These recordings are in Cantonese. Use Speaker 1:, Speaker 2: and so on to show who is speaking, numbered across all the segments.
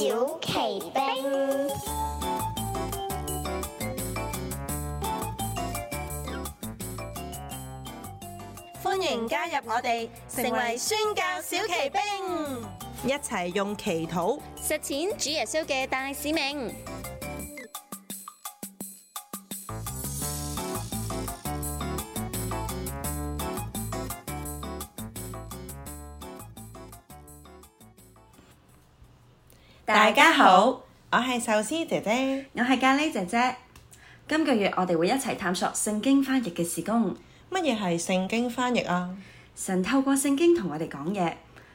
Speaker 1: 小奇兵，
Speaker 2: 歡迎加入我哋，成為宣教小奇兵，一齊用祈禱
Speaker 1: 實踐主耶穌嘅大使命。
Speaker 2: 大家好，我係壽司姐姐，我係咖喱姐姐。
Speaker 1: 今個月我哋會一齊探索聖經翻譯嘅事工。乜嘢係聖經翻譯啊？神透過聖經同我哋講嘢，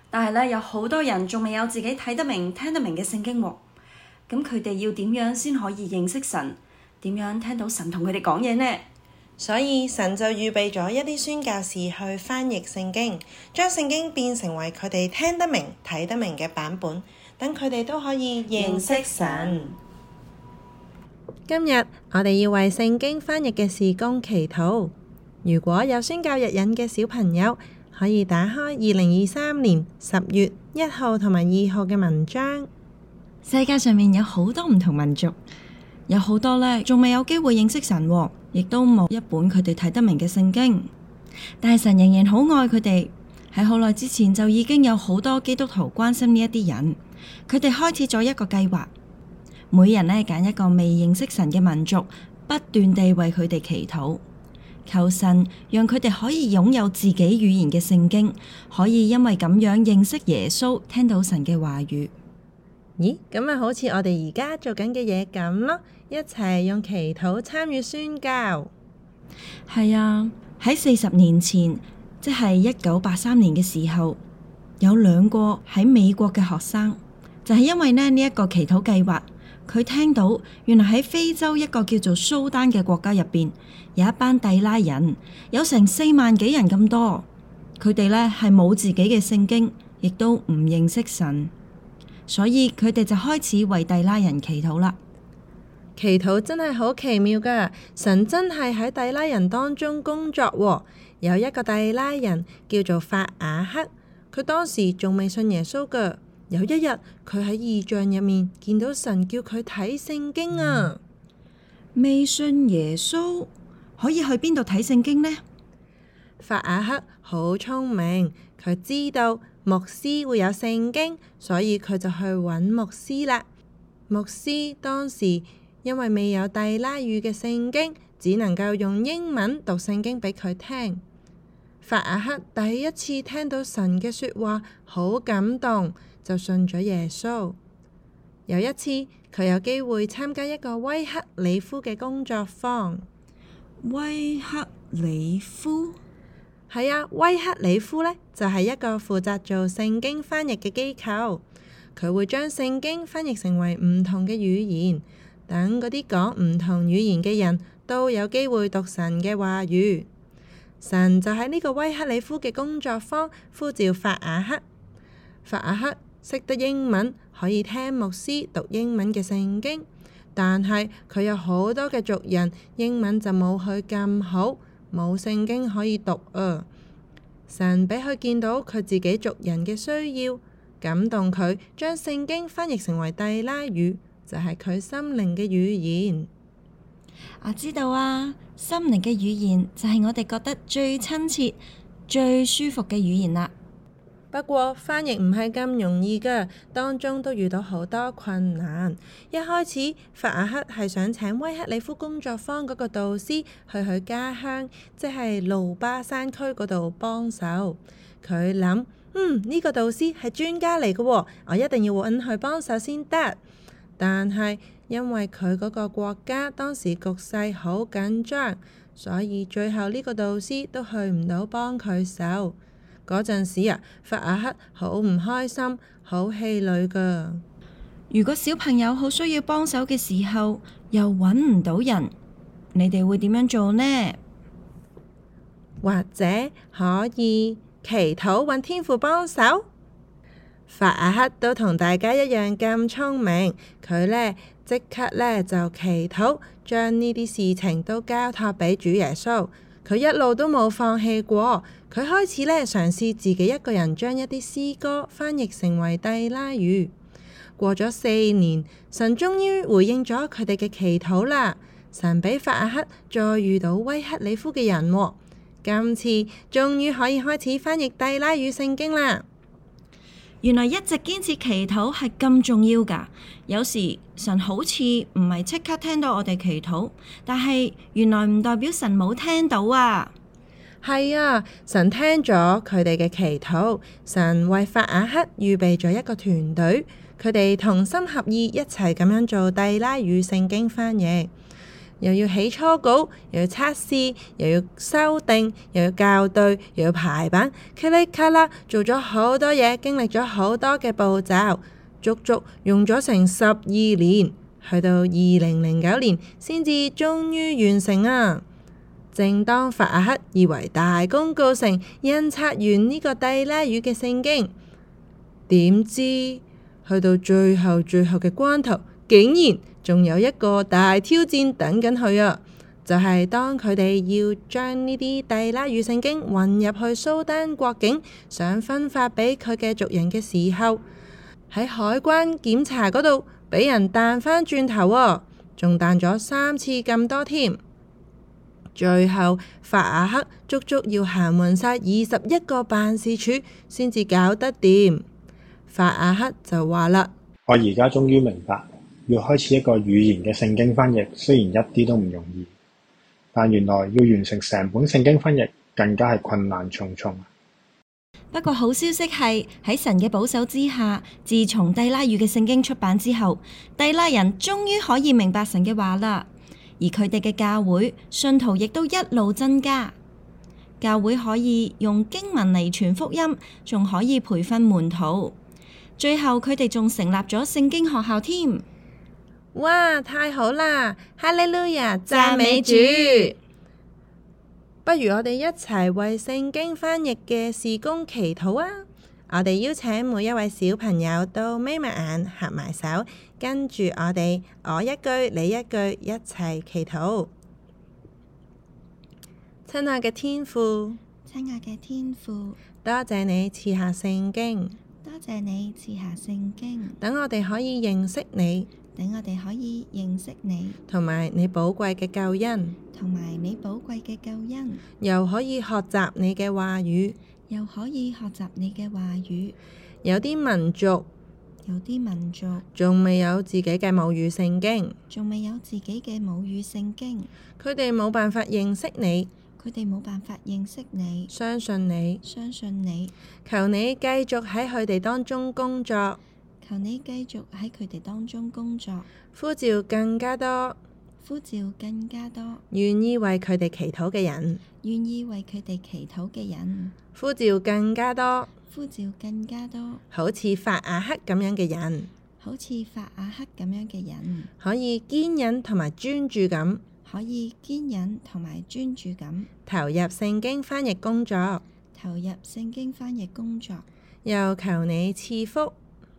Speaker 1: 但係呢有好多人仲未有自己睇得明、
Speaker 2: 聽得明嘅聖經。咁佢哋要點樣先可以認識神？點樣聽到神同佢哋講嘢呢？所以神就預備咗一啲宣教士去翻譯聖經，將聖經變成為佢哋聽得明、睇得明嘅版本。等佢哋都可以認識神。今日我哋要為聖經翻譯嘅事工祈禱。如果有宣教日引嘅小朋友，可以打開二零二三年十月一號同埋二號嘅文章。世界上面有好多唔同民族，有好多呢仲未有機
Speaker 1: 會認識神，亦都冇一本佢哋睇得明嘅聖經。但係神仍然好愛佢哋，喺好耐之前就已經有好多基督徒關心呢一啲人。佢哋開始咗一個計劃，每人呢揀一個未認識神嘅民族，不斷地為佢哋祈禱，求神讓佢哋可以擁有自己語言嘅聖經，可以因為咁樣認識耶穌，聽到神嘅話語。
Speaker 2: 咦？咁咪好似我哋而家做緊嘅嘢咁咯，一齊用祈禱參與宣教。係啊，喺四十年前，即
Speaker 1: 係一九八三年嘅時候，有兩個喺美國嘅學生。就係因為咧呢一個祈禱計劃，佢聽到原來喺非洲一個叫做蘇丹嘅國家入邊，有一班蒂拉人，有成四萬幾人咁多，佢哋呢係冇自己嘅聖經，亦都唔認識神，所
Speaker 2: 以佢哋就開始為蒂拉人祈禱啦。祈禱真係好奇妙噶，神真係喺蒂拉人當中工作。有一個蒂拉人叫做法雅克，佢當時仲未信耶穌噶。有一日，佢喺異象入面見到神叫佢睇聖經啊，嗯！未信耶穌可以去邊度睇聖經呢？法雅克好聰明，佢知道牧師會有聖經，所以佢就去揾牧師啦。牧師當時因為未有蒂拉語嘅聖經，只能夠用英文讀聖經俾佢聽。法雅克第一次聽到神嘅説話，好感動，就信咗耶穌。有一次，佢有機會參加一個威克理夫嘅工作坊。威克理夫？係啊，威克理夫呢就係一個負責做聖經翻譯嘅機構。佢會將聖經翻譯成為唔同嘅語言，等嗰啲講唔同語言嘅人都有機會讀神嘅話語。神就喺呢個威克里夫嘅工作坊呼召法雅克。法雅克識得英文，可以聽牧師讀英文嘅聖經，但係佢有好多嘅族人英文就冇佢咁好，冇聖經可以讀啊！神畀佢見到佢自己族人嘅需要，感動佢將聖經翻譯成為蒂拉語，就係佢心靈嘅語言。我知道啊，心靈嘅語言就係我哋覺得最親切、最舒服嘅語言啦。不過翻譯唔係咁容易噶，當中都遇到好多困難。一開始，法雅克係想請威克理夫工作坊嗰個導師去佢家鄉，即係路巴山區嗰度幫手。佢諗，嗯，呢個導師係專家嚟噶，我一定要搵佢幫手先得。但係，因為佢嗰個國家當時局勢好緊張，所以最後呢個導師都去唔到幫佢手。嗰陣時啊，法雅克好唔開心，好氣餒噶。如果小朋友好需要幫手嘅時候，又揾唔到人，你哋會點樣做呢？或者可以祈禱揾天父幫手。法雅克都同大家一樣咁聰明，佢呢即刻呢就祈禱，將呢啲事情都交託畀主耶穌。佢一路都冇放棄過。佢開始呢嘗試自己一個人將一啲詩歌翻譯成為蒂拉語。過咗四年，神終於回應咗佢哋嘅祈禱啦。神畀法雅克再遇到威克里夫嘅人，哦，今次終於可以開始翻譯蒂拉語聖經啦。原來一直堅持祈禱係咁
Speaker 1: 重要㗎，有時神好似唔係即刻聽到我哋祈禱，但
Speaker 2: 係原來唔代表神冇聽到啊！係啊，神聽咗佢哋嘅祈禱，神為法雅克預備咗一個團隊，佢哋同心合意一齊咁樣做蒂拉語聖經翻譯。又要起初稿，又要測試，又要修訂，又要校對，又要排版，噼里啪啦做咗好多嘢，經歷咗好多嘅步驟，足足用咗成十二年，去到二零零九年，先至終於完成啊！正當法雅克以為大功告成，印刷完呢個蒂拉語嘅聖經，點知去到最後最後嘅關頭，竟然。仲有一個大挑戰等緊佢啊！就係、是、當佢哋要將呢啲蒂拉語聖經運入去蘇丹國境，想分發俾佢嘅族人嘅時候，喺海關檢查嗰度俾人彈返轉頭喎，仲彈咗三次咁多添。最後法雅克足足要行勻晒二十一個辦事處先至搞得掂。法雅克就話啦：我而家終於明白。要開始一個語言嘅聖經翻譯，雖然一啲都唔容易，但原來要完成成本聖經翻譯更加係困難重重。
Speaker 1: 不過好消息係喺神嘅保守之下，自從蒂拉語嘅聖經出版之後，蒂拉人終於可以明白神嘅話啦。而佢哋嘅教會信徒亦都一路增加，教會可以用經文嚟傳福音，仲可以培訓門徒。最後佢哋仲成立咗
Speaker 2: 聖經學校添。哇，太好啦！哈利路亞，讚美主。不如我哋一齊為聖經翻譯嘅事工祈禱啊！我哋邀請每一位小朋友都眯埋眼、合埋手，跟住我哋，我一句，你一句，一齊祈禱。親愛嘅天父，親愛嘅天父，多謝你賜下聖經，多謝你賜下聖經，等我哋可以認識你。等我哋可以認識你，同埋你寶貴嘅救恩，同埋你寶貴
Speaker 1: 嘅救恩，
Speaker 2: 又可以學習你嘅話語，又可以學習你嘅話語。有啲民族，有啲民族，仲未有自己嘅母語聖經，
Speaker 1: 仲未有自己嘅母語聖經。
Speaker 2: 佢哋冇辦法認識你，佢哋冇辦法認識你，相信你，相信你。求你繼續喺佢哋當中工作，求你繼續喺佢哋當中工作，呼召更加多，呼召更加多，願意為佢哋祈禱嘅人，願意為佢哋祈禱嘅人，呼召更加多，呼召更加多，好似法雅克咁樣嘅人，
Speaker 1: 好似法雅克咁樣嘅人，
Speaker 2: 可以堅忍同埋專注咁，
Speaker 1: 可以堅
Speaker 2: 忍同埋專注咁，注投入聖經翻譯工作，投入聖經翻譯工作，又求你賜福。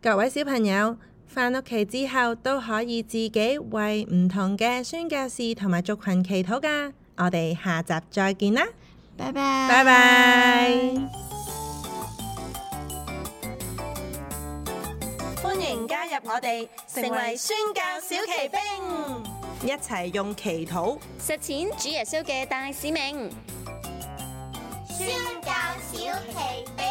Speaker 2: 各位小朋友，返屋企之後都可以自己為唔同嘅宣教士同埋族群祈禱噶。我哋下集再見啦，拜拜拜拜！歡迎加入我哋，成為宣教小騎兵，一齊用祈禱實踐
Speaker 1: 主耶穌嘅大使命。宣教小騎兵。